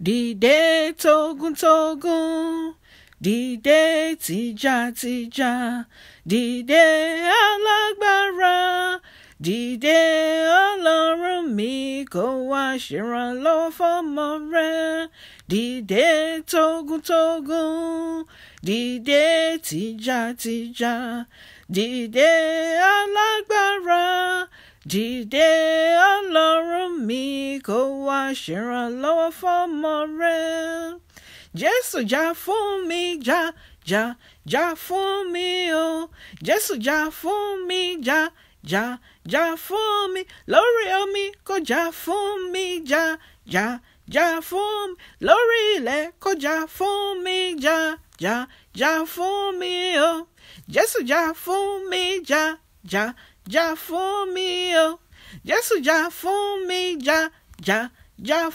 Di di de de dìde tógúntógún dìde tìjàtìjà dìde alágbára dìde ọlọ́run mi kó wá ṣèrànlọ́wọ́ fọmọ rẹ de tija tija, di de alágbára. jíde ọlọ́run kó wá ṣèrànlọ́wọ́ fọ́mọ rẹ̀ jésù jà fún jà jà jà fún o jésù jà fún jà jà jà fún mi lórí omi kó jà fún jà jà jà fún lórí ilẹ̀ kó jà fún jà jà jà fún o jésù jà fún jà jà já mi o jésù já fún mi já já já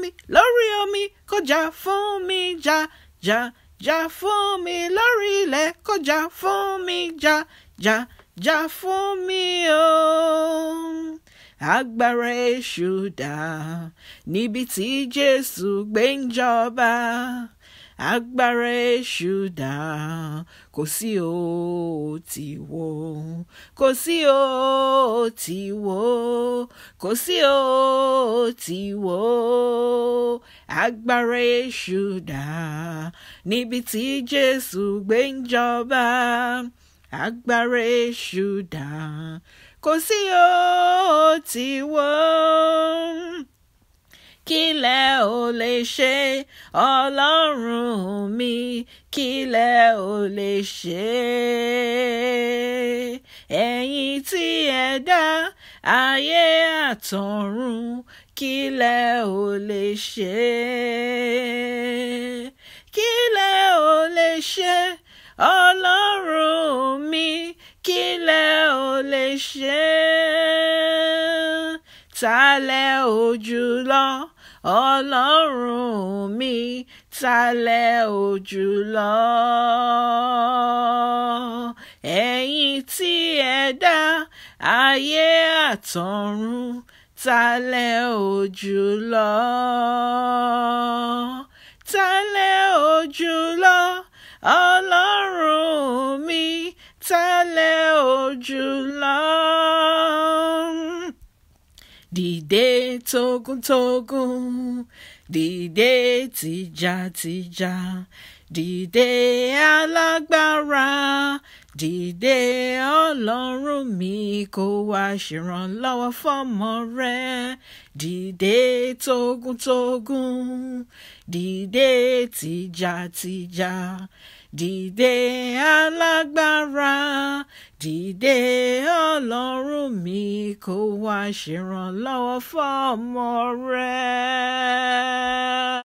mi lórí mi kó já fún mi já já já mi lórí le kó já fún mi já já já mi o oh. agbára èṣù dà níbi tí jésù gbé agbára èṣù dà kò sí o ti wo kò sí o ti wo kò sí o ti wo agbára èṣù dà níbi tí Jésù gbé ń jọba agbára èṣù dà kò sí o ti wo kí lẹ ò lè ṣe ọlọ́run mi kí lẹ ò lè ṣe ẹ̀yin tí ẹ dá ayé àtọ̀run kí lẹ ò lè ṣe kí lẹ ò lè ṣe ọlọ́run mi kí lẹ ò lè ṣe ta lẹ ò lọ ọlọ́run mi talẹ̀ ò jùlọ. ẹ̀yin tí ẹ dá ayé àtọ̀run talẹ̀ ò jùlọ. talẹ̀ ò ọlọ́run mi talẹ̀ ò Dìde tógúntógún, dìde tìjàtìjà, dìde alágbára dìde ọlọ́run mi kó wá ṣèrànlọ́wọ́ fọ́mọ rẹ dìde tógúntógún dìde tìjàtìjà dìde alágbára dìde ọlọ́run mi kó wá ṣèrànlọ́wọ́ fọ́mọ rẹ.